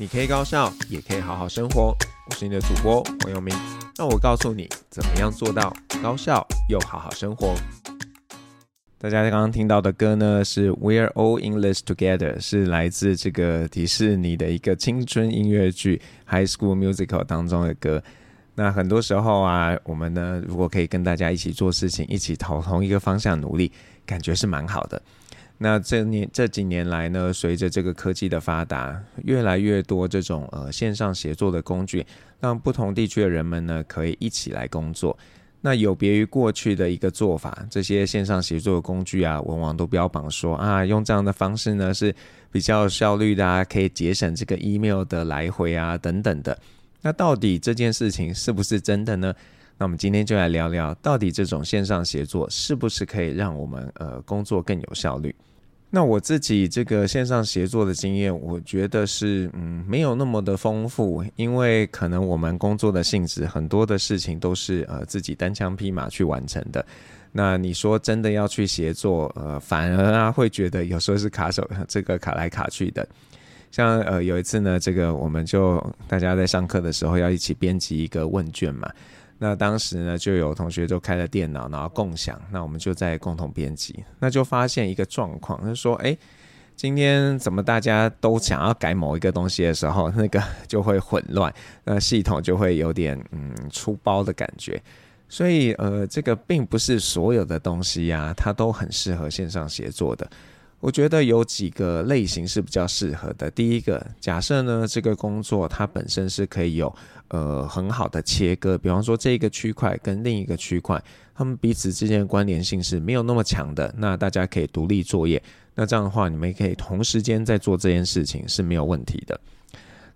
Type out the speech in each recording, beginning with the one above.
你可以高效，也可以好好生活。我是你的主播黃友明，那我告訴你怎麼樣做到高效又好好生活。大家剛剛聽到的歌呢是《We're All In This Together》，是來自這個迪士尼的一個青春音樂劇《High School Musical》當中的歌。那很多時候啊，我們呢如果可以跟大家一起做事情，一起朝同一個方向努力，感覺是蠻好的。那這年這幾年來呢，隨着這個科技的發達，越來越多這種呃線上協作的工具，讓不同地區的人們呢可以一起來工作。那有別於過去的一個做法，這些線上協作的工具啊，往往都標榜說啊，用這樣的方式呢是比較效率的啊，可以節省這個 email 的來回啊等等的。那到底這件事情是不是真的呢？那我們今天就來聊聊，到底這種線上協作是不是可以讓我們呃工作更有效率？那我自己這個線上協作的經驗，我覺得是嗯，沒有那麼的豐富，因為可能我們工作的性質，很多的事情都是呃自己單槍匹馬去完成的。那你說真的要去協作，呃，反而啊會覺得有時候是卡手，這個卡來卡去的。像呃有一次呢，這個我們就大家在上課的時候要一起編輯一個問卷嘛。那當時呢，就有同學就開了電腦，然後共享，那我們就在共同編輯，那就發現一個狀況，就是說，哎、欸，今天怎麼大家都想要改某一個東西的時候，那個就會混亂，那系統就會有點嗯出包的感覺，所以呃，這個並不是所有的東西呀、啊，它都很適合線上協作的。我覺得有幾個類型是比較適合的。第一個，假設呢，這個工作它本身是可以有呃很好的切割，比方說這個區塊跟另一個區塊，他們彼此之間的關聯性是沒有那麼強的，那大家可以獨立作業。那這樣的話，你們可以同時間在做這件事情是沒有問題的。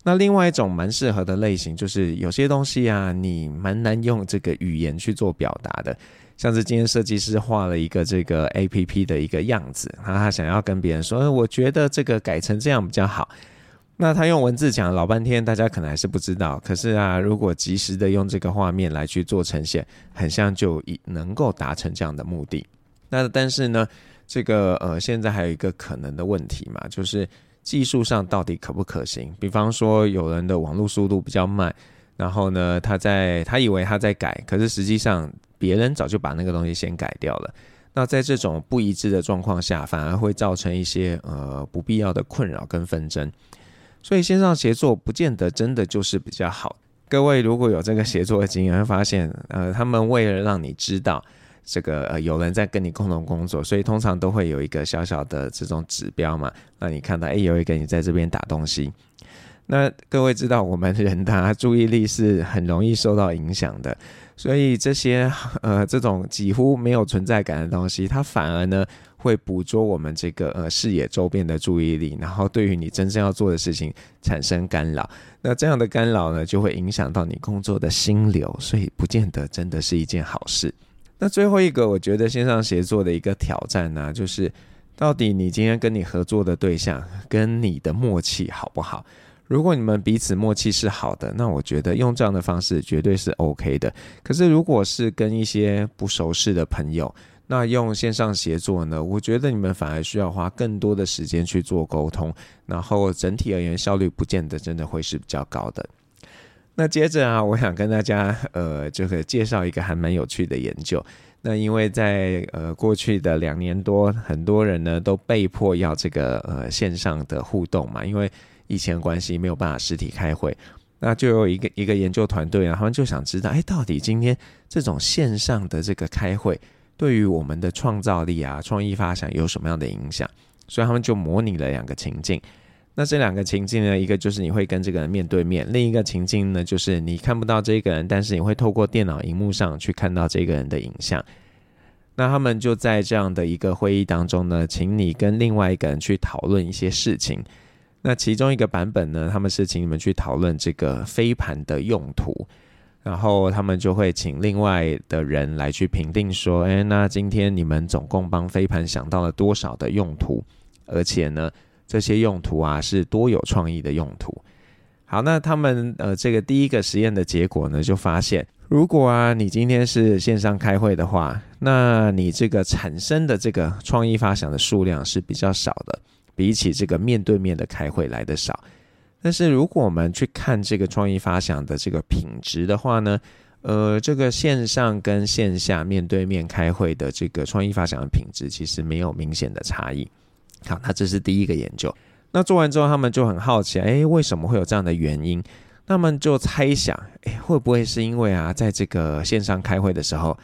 那另外一種蠻適合的類型，就是有些東西啊，你蠻難用這個語言去做表達的。像是今天設計師畫了一個這個 APP 的一個樣子，他想要跟別人說，我覺得這個改成這樣比較好。那他用文字講了老半天，大家可能還是不知道。可是啊，如果及時的用這個畫面來去做呈現，很像就能夠達成這樣的目的。那但是呢，這個呃，現在還有一個可能的問題嘛，就是技術上到底可不可行？比方說，有人的網絡速度比較慢，然後呢，他在他以為他在改，可是實際上。別人早就把那個東西先改掉了。那在這種不一致的狀況下，反而會造成一些呃不必要的困擾跟紛爭。所以線上協作不見得真的就是比較好。各位如果有這個協作的經驗，會發現呃，他們為了讓你知道這個呃有人在跟你共同工作，所以通常都會有一個小小的這種指標嘛，讓你看到誒，有一個你在這邊打東西。那各位知道我們人他注意力是很容易受到影響的。所以這些呃，這種幾乎沒有存在感的東西，它反而呢會捕捉我們這個呃視野周邊的注意力，然後對於你真正要做的事情產生干擾。那這樣的干擾呢，就會影響到你工作的心流，所以不見得真的是一件好事。那最後一個，我覺得線上協作的一個挑戰呢、啊，就是到底你今天跟你合作的對象跟你的默契好不好？如果你們彼此默契是好的，那我覺得用這樣的方式絕對是 OK 的。可是如果是跟一些不熟識的朋友，那用線上協作呢，我覺得你們反而需要花更多的時間去做溝通，然後整體而言效率不見得真的會是比較高的。那接着啊，我想跟大家呃，就是介紹一個還蠻有趣的研究。那因為在呃過去的兩年多，很多人呢都被迫要這個呃線上的互動嘛，因為，疫情關係沒有辦法實體開會，那就有一個一個研究團隊啊，他們就想知道，哎、欸，到底今天這種線上的這個開會，對於我們的創造力啊、創意發想有什麼樣的影響？所以他們就模擬了兩個情境，那這兩個情境呢，一個就是你會跟這個人面對面，另一個情境呢就是你看不到這個人，但是你會透過電腦熒幕上去看到這個人的影像。那他們就在這樣的一個會議當中呢，請你跟另外一個人去討論一些事情。那其中一個版本呢，他們是請你們去討論這個飛盤的用途，然後他們就會請另外的人來去評定說，哎，那今天你們總共幫飛盤想到了多少的用途？而且呢，這些用途啊是多有創意的用途。好，那他們呃這個第一個實驗的結果呢，就發現，如果啊你今天是線上開會的話，那你這個產生的這個創意發想的數量是比較少的。比起這個面對面的開會來得少，但是如果我們去看這個創意發想的這個品質的話呢，呃，這個線上跟線下面對面開會的這個創意發想的品質其實沒有明顯的差異。好，那這是第一個研究。那做完之後，他們就很好奇，欸，為什麼會有這樣的原因？那他們就猜想，欸，會不會是因為啊，在這個線上開會的時候。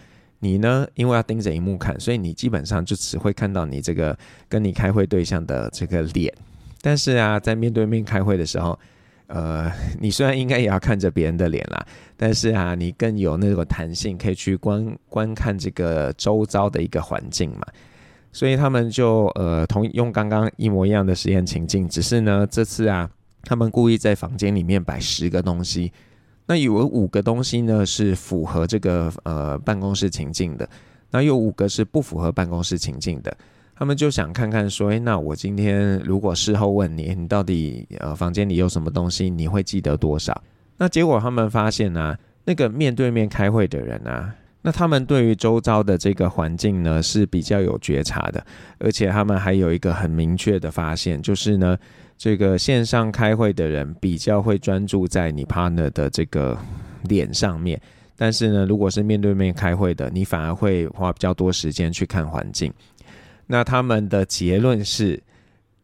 你呢？因為要盯着熒幕看，所以你基本上就只會看到你這個跟你開會對象的這個臉。但是啊，在面對面開會的時候，呃，你雖然應該也要看着別人的臉啦，但是啊，你更有那個彈性，可以去觀觀看這個周遭的一個環境嘛。所以他們就呃，同用剛剛一模一樣的實驗情境，只是呢，這次啊，他們故意在房間裡面擺十個東西。那有五個東西呢，是符合這個呃辦公室情境的，那有五個是不符合辦公室情境的。他們就想看看說，誒，那我今天如果事後問你，你到底呃房間裡有什麼東西，你會記得多少？那結果他們發現呢、啊，那個面對面開會的人啊。那他們對於周遭的這個環境呢是比較有覺察的，而且他們還有一個很明確的發現，就是呢，這個線上開會的人比較會專注在你 partner 的這個臉上面，但是呢，如果是面對面開會的，你反而會花比較多時間去看環境。那他們的結論是，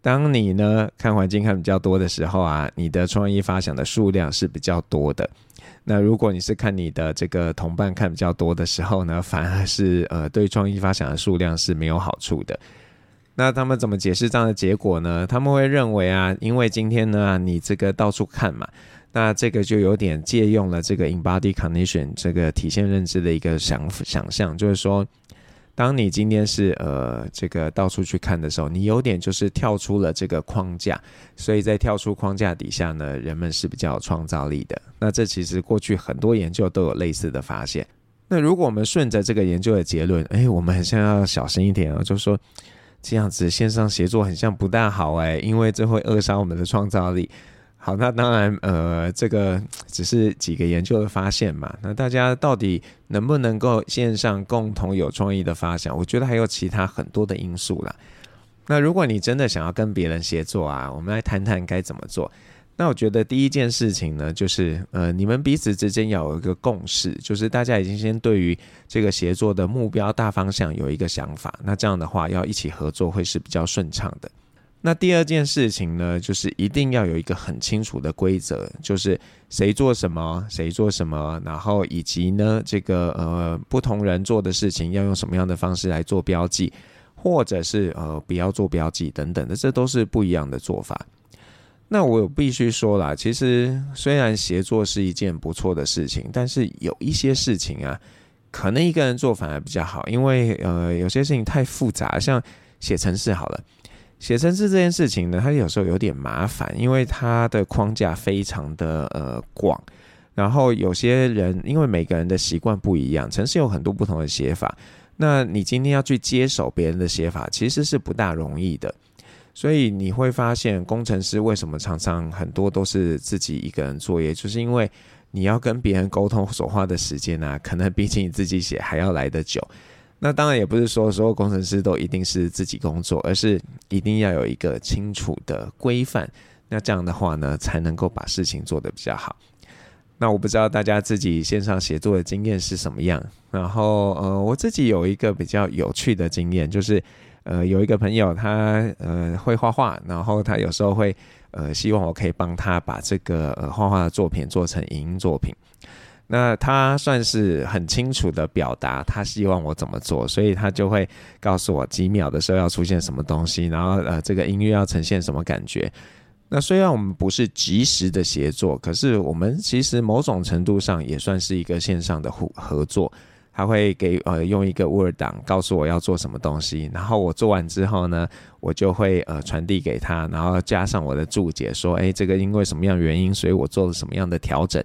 當你呢看環境看比較多的時候啊，你的創意發想的數量是比較多的。那如果你是看你的這個同伴看比較多的時候呢，反而是呃對創意發想的數量是沒有好處的。那他們怎麼解釋這樣的結果呢？他們會認為啊，因為今天呢你這個到處看嘛，那這個就有點借用了這個 embodied cognition 這個體現認知的一個想想象，就是說，當你今天是呃這個到處去看的時候，你有點就是跳出了這個框架，所以在跳出框架底下呢，人們是比較有創造力的。那這其實過去很多研究都有類似的發現。那如果我們順着這個研究的結論，欸，我們很像要小心一點哦，就說這樣子線上協作很像不大好欸，因為這會扼殺我們的創造力。好，那當然，呃，這個只是幾個研究的發現嘛。那大家到底能不能夠線上共同有創意的發想？我覺得還有其他很多的因素啦。那如果你真的想要跟別人協作啊，我們來談談該怎麼做。那我覺得第一件事情呢，就是呃，你們彼此之間要有一個共識，就是大家已經先對於這個協作的目標大方向有一個想法。那這樣的話，要一起合作會是比較順暢的。那第二件事情呢，就是一定要有一個很清楚的規則，就是誰做什麼，誰做什麼，然後以及呢，這個呃不同人做的事情要用什麼樣的方式來做標記，或者是呃不要做標記等等的，這都是不一樣的做法。那我必須說啦，其實雖然協作是一件不錯的事情，但是有一些事情啊，可能一個人做反而比較好，因為呃有些事情太複雜，像寫程式好了。寫程式這件事情呢，它有時候有點麻煩，因為它的框架非常的呃廣，然後有些人因為每個人的習慣不一樣，程式有很多不同的寫法，那你今天要去接手別人的寫法，其實是不大容易的，所以你會發現工程師為什麼常常很多都是自己一個人作業，就是因為你要跟別人溝通所花的時間啊，可能比起你自己寫還要來得久。那當然也不是說所有工程師都一定是自己工作，而是一定要有一個清楚的規範。那這樣的話呢，才能夠把事情做得比較好。那我不知道大家自己線上協作的經驗是什麼樣。然後，呃，我自己有一個比較有趣的經驗，就是，呃，有一個朋友他呃會畫畫，然後他有時候會呃希望我可以幫他把這個呃畫畫的作品做成影音作品。那他算是很清楚的表達，他希望我怎麼做，所以他就會告訴我幾秒的時候要出現什麼東西，然後呃，這個音樂要呈現什麼感覺。那雖然我們不是即時的協作，可是我們其實某種程度上也算是一個線上的互合作。他會給呃用一個 Word 檔告訴我要做什麼東西，然後我做完之後呢，我就會呃傳遞給他，然後加上我的註解說，誒、欸，這個因為什麼樣的原因，所以我做了什麼樣的調整。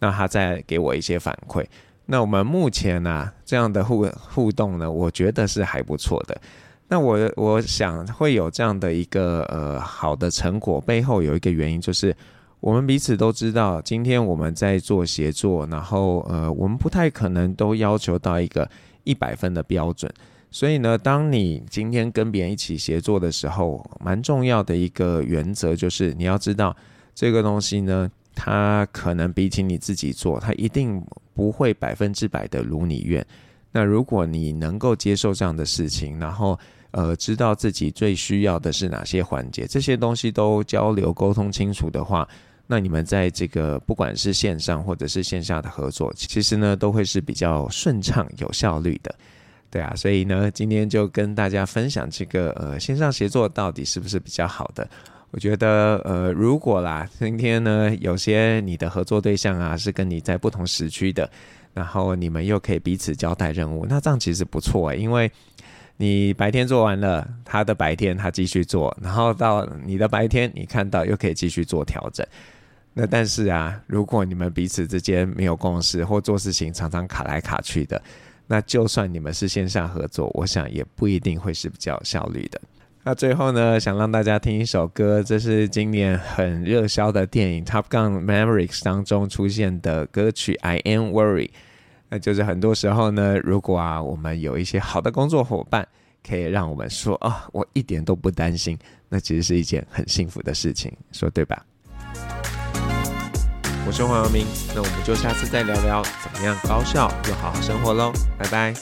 那他再給我一些反饋。那我們目前呢，啊，這樣的互互動呢，我覺得是還不錯的。那我我想會有這樣的一個呃好的成果，背後有一個原因就是我們彼此都知道，今天我們在做協作，然後呃，我們不太可能都要求到一個一百分的標準。所以呢，當你今天跟別人一起協作的時候，蠻重要的一個原則就是你要知道這個東西呢。他可能比起你自己做，他一定不會百分之百的如你願。那如果你能夠接受這樣的事情，然後呃知道自己最需要的是哪些環節，這些東西都交流溝通清楚的話，那你們在這個不管是線上或者是線下的合作，其實呢都會是比較順暢、有效率的。對啊，所以呢，今天就跟大家分享這個呃線上協作到底是不是比較好的。我覺得，呃，如果啦，今天呢，有些你的合作對象啊是跟你在不同時區的，然後你們又可以彼此交代任務，那這樣其實不錯欸，因為你白天做完了，他的白天他繼續做，然後到你的白天你看到又可以繼續做調整。那但是啊，如果你們彼此之間沒有共識，或做事情常常卡來卡去的，那就算你們是線上合作，我想也不一定會是比較有效率的。那最後呢，想讓大家聽一首歌，這是今年很熱銷的電影《Top Gun: Maverick》當中出現的歌曲《I Ain't Worried》。那就是很多時候呢，如果啊，我們有一些好的工作夥伴，可以讓我們說啊、哦，我一點都不擔心，那其實是一件很幸福的事情，說對吧？我是黃耀明，那我們就下次再聊聊怎麼樣高效又好好生活嘍，拜拜。